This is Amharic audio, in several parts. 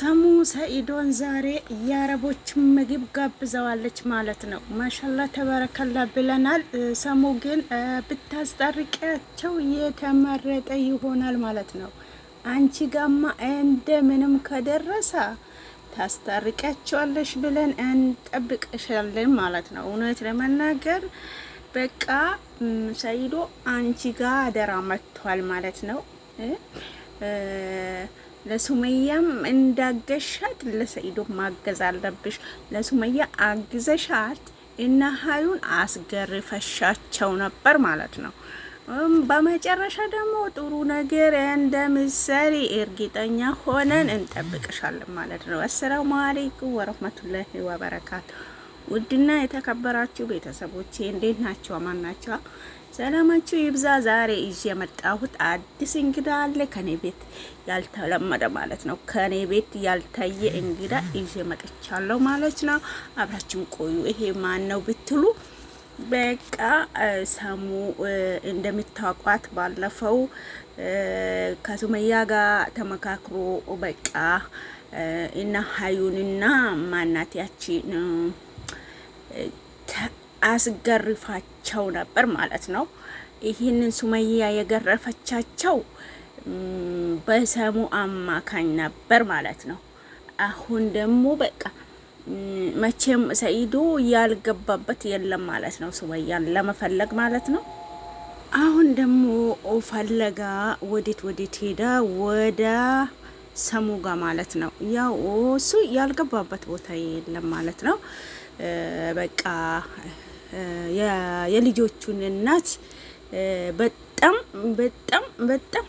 ሰሙ ሰኢዶን ዛሬ የአረቦች ምግብ ጋብዘዋለች ማለት ነው። ማሻላ ተበረከላ ብለናል። ሰሙ ግን ብታስጠርቂያቸው የተመረጠ ይሆናል ማለት ነው። አንቺ ጋማ እንደ ምንም ከደረሰ ታስጠርቂያቸዋለሽ ብለን እንጠብቅሻለን ማለት ነው። እውነት ለመናገር በቃ ሰኢዶ አንቺ ጋ አደራ መጥቷል ማለት ነው። ለሱመያም እንዳገሻት ለሰኢዶ ማገዝ አለብሽ። ለሱመያ አግዘሻት እና ሀዩን አስገርፈሻቸው ነበር ማለት ነው። በመጨረሻ ደግሞ ጥሩ ነገር እንደምትሰሪ እርግጠኛ ሆነን እንጠብቅሻለን ማለት ነው። አሰላሙ አለይኩም ወረህመቱላሂ ወበረካቱ። ውድና የተከበራችሁ ቤተሰቦቼ እንዴት ናቸው? አማን ናቸው። ሰላማችሁ ይብዛ። ዛሬ ይዤ የመጣሁት አዲስ እንግዳ አለ ከኔ ቤት ያልተለመደ ማለት ነው። ከኔ ቤት ያልታየ እንግዳ ይዤ መጥቻለሁ ማለት ነው። አብራችን ቆዩ። ይሄ ማን ነው ብትሉ በቃ ሰሙ እንደምታውቋት ባለፈው ከሱመያ ጋር ተመካክሮ በቃ እና ሀዩንና ማናት ያቺ አስገርፋቸው ነበር ማለት ነው። ይህንን ሱመያ የገረፈቻቸው በሰሙ አማካኝ ነበር ማለት ነው። አሁን ደግሞ በቃ መቼም ሰኢዱ ያልገባበት የለም ማለት ነው። ሱመያን ለመፈለግ ማለት ነው። አሁን ደግሞ ፈለጋ ወዴት ወዴት ሄዳ ወደ ሰሙ ጋ ማለት ነው። ያው እሱ ያልገባበት ቦታ የለም ማለት ነው። በቃ የልጆቹን እናት በጣም በጣም በጣም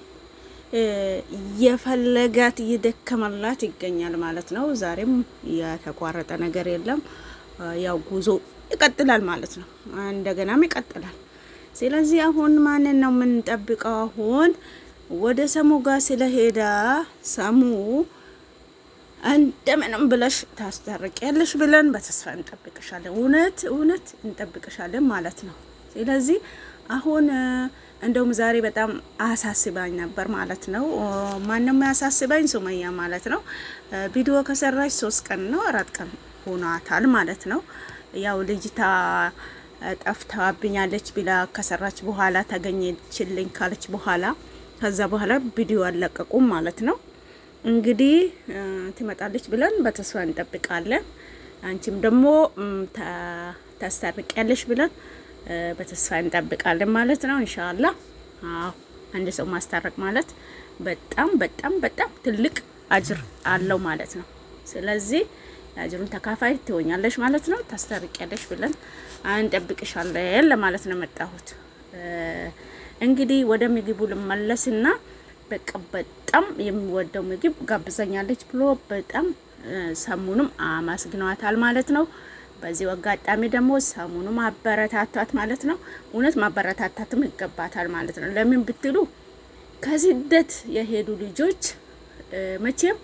የፈለጋት እየደከመላት ይገኛል ማለት ነው። ዛሬም የተቋረጠ ነገር የለም። ያው ጉዞ ይቀጥላል ማለት ነው። እንደገናም ይቀጥላል። ስለዚህ አሁን ማንን ነው የምንጠብቀው? አሁን ወደ ሰሙ ጋር ስለሄዳ ሰሙ እንደምንም ብለሽ ታስታርቂያለሽ ብለን በተስፋ እንጠብቅሻለን። እውነት እውነት እንጠብቅሻለን ማለት ነው። ስለዚህ አሁን እንደውም ዛሬ በጣም አሳስባኝ ነበር ማለት ነው። ማንም ያሳስባኝ ሱመያ ማለት ነው። ቪዲዮ ከሰራች ሶስት ቀን ነው አራት ቀን ሆኗታል ማለት ነው። ያው ልጅታ ጠፍታብኛለች ብላ ከሰራች በኋላ ተገኘችልኝ ካለች በኋላ ከዛ በኋላ ቪዲዮ አለቀቁም ማለት ነው። እንግዲህ ትመጣለች ብለን በተስፋ እንጠብቃለን። አንቺም ደግሞ ታስታርቂያለሽ ብለን በተስፋ እንጠብቃለን ማለት ነው። እንሻላ አዎ፣ አንድ ሰው ማስታረቅ ማለት በጣም በጣም በጣም ትልቅ አጅር አለው ማለት ነው። ስለዚህ የአጅሩን ተካፋይ ትሆኛለሽ ማለት ነው። ታስታርቂያለሽ ብለን እንጠብቅሻለን ለማለት ነው የመጣሁት። እንግዲህ ወደ ምግቡ ልመለስና በቃ በጣም የሚወደው ምግብ ጋብዘኛለች ብሎ በጣም ሰሙኑም አማስግነዋታል ማለት ነው። በዚህ አጋጣሚ ደግሞ ሰሙኑ ማበረታታት ማለት ነው። እውነት ማበረታታትም ይገባታል ማለት ነው። ለምን ብትሉ ከስደት የሄዱ ልጆች መቼም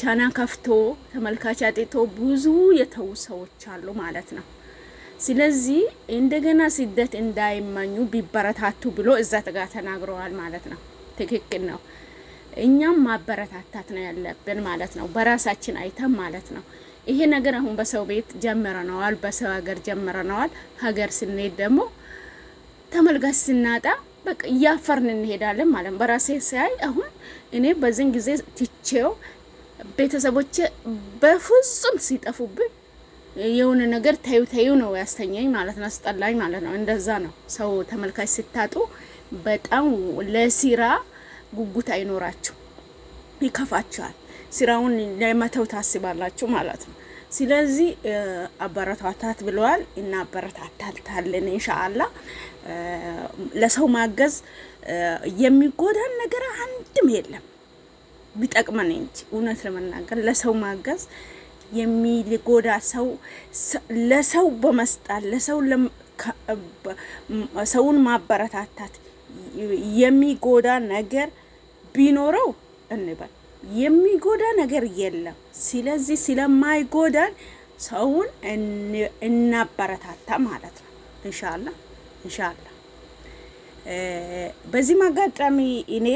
ቻና ከፍቶ ተመልካች አጤቶ ብዙ የተዉ ሰዎች አሉ ማለት ነው። ስለዚህ እንደገና ስደት እንዳይመኙ ቢበረታቱ ብሎ እዛ ጋር ተናግረዋል ማለት ነው። ትክክል ነው። እኛም ማበረታታት ነው ያለብን ማለት ነው። በራሳችን አይተም ማለት ነው። ይሄ ነገር አሁን በሰው ቤት ጀምረነዋል፣ በሰው ሀገር ጀምረነዋል። ሀገር ስንሄድ ደግሞ ተመልጋች ስናጣ በቃ እያፈርን እንሄዳለን ማለት ነው። በራሴ ሳይ አሁን እኔ በዚህን ጊዜ ትቼው ቤተሰቦቼ በፍጹም ሲጠፉብኝ የሆነ ነገር ተዩ ተዩ ነው ያስተኛኝ ማለት ነው። አስጠላኝ ማለት ነው። እንደዛ ነው ሰው ተመልካች ስታጡ በጣም ለሲራ ጉጉት አይኖራችሁ፣ ይከፋችኋል። ስራውን ለመተው ታስባላችሁ ማለት ነው። ስለዚህ አበረታታት ብለዋል እና አበረታታታለን። እንሻአላ ለሰው ማገዝ የሚጎዳን ነገር አንድም የለም ቢጠቅመን እንጂ። እውነት ለመናገር ለሰው ማገዝ የሚጎዳ ሰው ለሰው በመስጣት ለሰው ሰውን ማበረታታት የሚጎዳ ነገር ቢኖረው እንበል የሚጎዳ ነገር የለም። ስለዚህ ስለማይጎዳን ሰውን እናበረታታ ማለት ነው። እንሻላ እንሻላ። በዚህ አጋጣሚ እኔ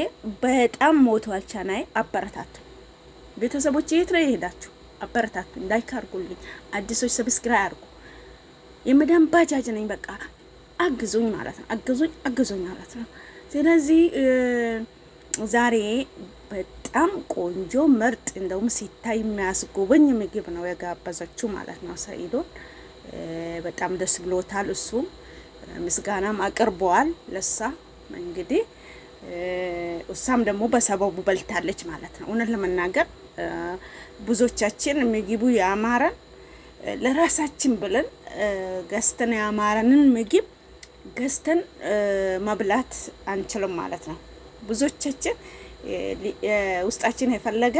በጣም ሞቷል ቻናይ አበረታቱ ቤተሰቦች፣ የት ነው የሄዳችሁ? አበረታቱ፣ ላይክ አዲሶች ሰብስክራይብ አድርጉ። የመዳን ባጃጅ ነኝ በቃ አግዙኝ ማለት ነው። አግዙኝ አግዙኝ ማለት ነው። ስለዚህ ዛሬ በጣም ቆንጆ ምርጥ እንደውም ሲታይ የሚያስጎበኝ ምግብ ነው የጋበዘችው ማለት ነው። ሰኢዶን በጣም ደስ ብሎታል። እሱም ምስጋናም አቅርበዋል ለሳ እንግዲህ እሷም ደግሞ በሰበቡ በልታለች ማለት ነው። እውነት ለመናገር ብዙዎቻችን ምግቡ ያማረን ለራሳችን ብለን ገዝተን ያማረንን ምግብ ገዝተን መብላት አንችልም ማለት ነው። ብዙዎቻችን ውስጣችን የፈለገ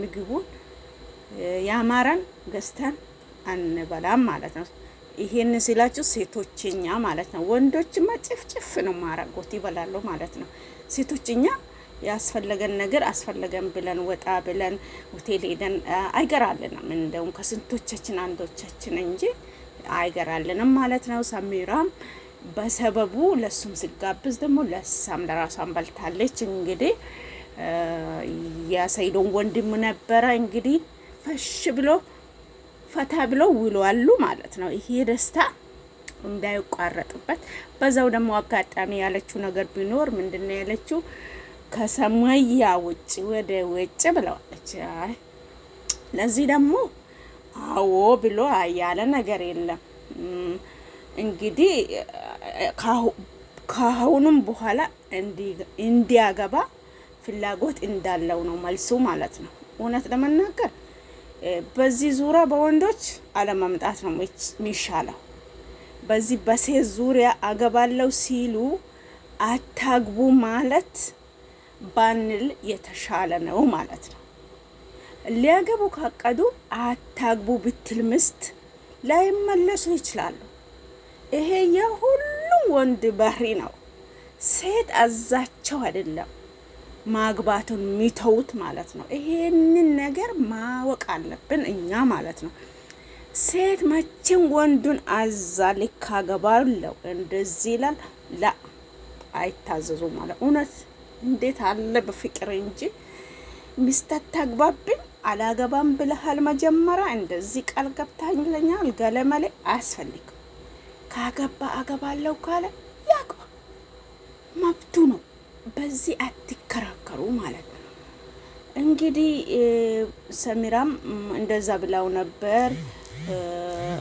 ምግቡን ያማረን ገዝተን አንበላም ማለት ነው። ይሄን ሲላችሁ ሴቶችኛ ማለት ነው። ወንዶችማ ጭፍጭፍ ነው ማረጎት ይበላሉ ማለት ነው። ሴቶችኛ ያስፈለገን ነገር አስፈለገን ብለን ወጣ ብለን ሆቴል ሄደን አይገራልንም። እንደውም ከስንቶቻችን አንዶቻችን እንጂ አይገራልንም ማለት ነው። ሰሚራም በሰበቡ ለሱም ስጋብዝ ደግሞ ለሳም ለራሷን በልታለች። እንግዲህ የሰይዶን ወንድም ነበረ እንግዲህ ፈሽ ብሎ ፈታ ብለው ውሏሉ ማለት ነው። ይሄ ደስታ እንዳይቋረጥበት በዛው ደግሞ አጋጣሚ ያለችው ነገር ቢኖር ምንድን ነው ያለችው? ከሰማያ ውጭ ወደ ውጭ ብለዋለች። ለዚህ ደግሞ አዎ ብሎ ያለ ነገር የለም እንግዲህ ከአሁኑም በኋላ እንዲያገባ ፍላጎት እንዳለው ነው መልሱ ማለት ነው። እውነት ለመናገር በዚህ ዙሪያ በወንዶች አለመምጣት ነው የሚሻለው። በዚህ በሴት ዙሪያ አገባለው ሲሉ አታግቡ ማለት ባንል የተሻለ ነው ማለት ነው። ሊያገቡ ካቀዱ አታግቡ ብትል ምስት ላይመለሱ ይችላሉ። ይሄ የሁሉ ወንድ ባህሪ ነው። ሴት አዛቸው አይደለም ማግባቱን የሚተውት ማለት ነው። ይሄንን ነገር ማወቅ አለብን እኛ ማለት ነው። ሴት መቼም ወንዱን አዛ ልካገባለው እንደዚህ ይላል ላ አይታዘዙ ማለት እውነት እንዴት አለ በፍቅር እንጂ ሚስተት ታግባብኝ አላገባም ብለሃል መጀመሪያ እንደዚህ ቃል ገብታኝለኛል ገለመሌ አያስፈልግም። ካገባ አገባለሁ ካለ ያግባ፣ መብቱ ነው። በዚህ አትከራከሩ ማለት ነው። እንግዲህ ሰሚራም እንደዛ ብላው ነበር።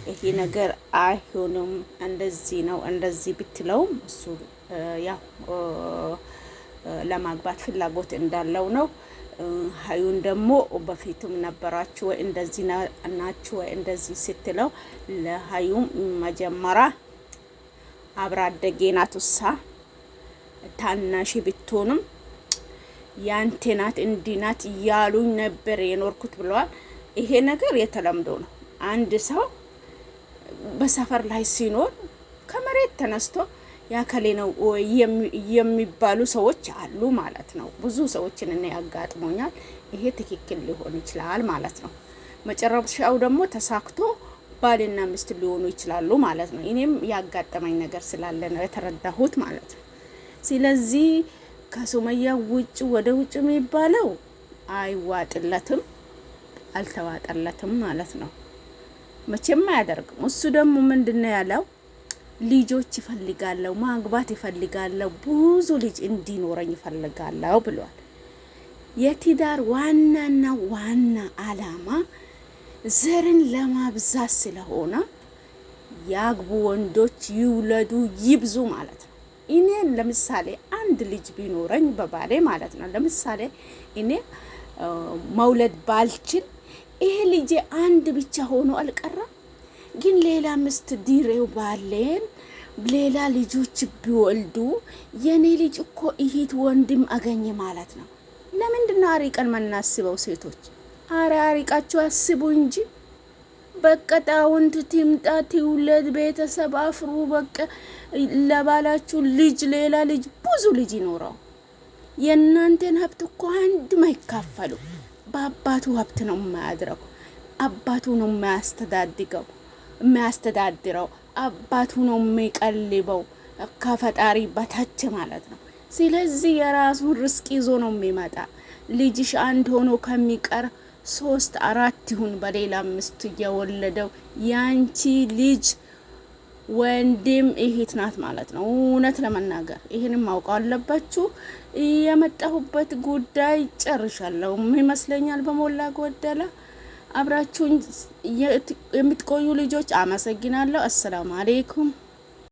ይሄ ነገር አይሆንም፣ እንደዚህ ነው እንደዚህ ብትለውም እሱ ያው ለማግባት ፍላጎት እንዳለው ነው። ሀዩን ደግሞ በፊትም ነበራችሁ ወይ እንደዚህ ናችሁ ወይ እንደዚህ ስትለው ለሀዩም መጀመሪያ አብራ አደጌ ናት። ውሳ ታናሽ ብትሆንም ያንቴ ናት እንዲህ ናት እያሉኝ ነበር የኖርኩት ብለዋል። ይሄ ነገር የተለምዶ ነው። አንድ ሰው በሰፈር ላይ ሲኖር ከመሬት ተነስቶ ያከሌ ነው የሚባሉ ሰዎች አሉ ማለት ነው። ብዙ ሰዎችን እኔ ያጋጥሞኛል። ይሄ ትክክል ሊሆን ይችላል ማለት ነው። መጨረሻው ደግሞ ተሳክቶ ባልና ሚስት ሊሆኑ ይችላሉ ማለት ነው። እኔም ያጋጠመኝ ነገር ስላለ ነው የተረዳሁት ማለት ነው። ስለዚህ ከሱመያ ውጭ ወደ ውጭ የሚባለው አይዋጥለትም፣ አልተዋጠለትም ማለት ነው። መቼም አያደርግም። እሱ ደግሞ ምንድን ነው ያለው? ልጆች ይፈልጋለሁ፣ ማግባት ይፈልጋለሁ፣ ብዙ ልጅ እንዲኖረኝ ይፈልጋለሁ ብሏል። የትዳር ዋናና ዋና አላማ ዘርን ለማብዛት ስለሆነ ያግቡ፣ ወንዶች ይውለዱ፣ ይብዙ ማለት ነው። እኔን ለምሳሌ አንድ ልጅ ቢኖረኝ በባሌ ማለት ነው። ለምሳሌ እኔ መውለድ ባልችል ይሄ ልጄ አንድ ብቻ ሆኖ አልቀረም። ግን ሌላ ምስት ዲሬው ባሌን ሌላ ልጆች ቢወልዱ የኔ ልጅ እኮ እህት ወንድም አገኘ ማለት ነው። ለምንድን ነው አሪቀን መናስበው ሴቶች? አረ አሪቃችሁ አስቡ እንጂ በቃ ጣውንት ትምጣ ትውለድ፣ ቤተሰብ አፍሩ። በቃ ለባላችሁ ልጅ ሌላ ልጅ ብዙ ልጅ ይኖረው። የእናንተን ሀብት እኮ አንድ ማይካፈሉ በአባቱ ሀብት ነው የማያድረው። አባቱ ነው የማያስተዳድገው የሚያስተዳድረው አባቱ ነው የሚቀልበው፣ ከፈጣሪ በታች ማለት ነው። ስለዚህ የራሱን ርስቅ ይዞ ነው የሚመጣ። ልጅሽ አንድ ሆኖ ከሚቀር ሶስት አራት ይሁን በሌላ ሚስቱ እየወለደው ያንቺ ልጅ ወንድም እህት ናት ማለት ነው። እውነት ለመናገር ይህንም ማውቀው አለባችሁ። የመጣሁበት ጉዳይ ጨርሻለሁ ይመስለኛል በሞላ ጎደለ አብራችሁን የምትቆዩ ልጆች አመሰግናለሁ። አሰላሙ አሌይኩም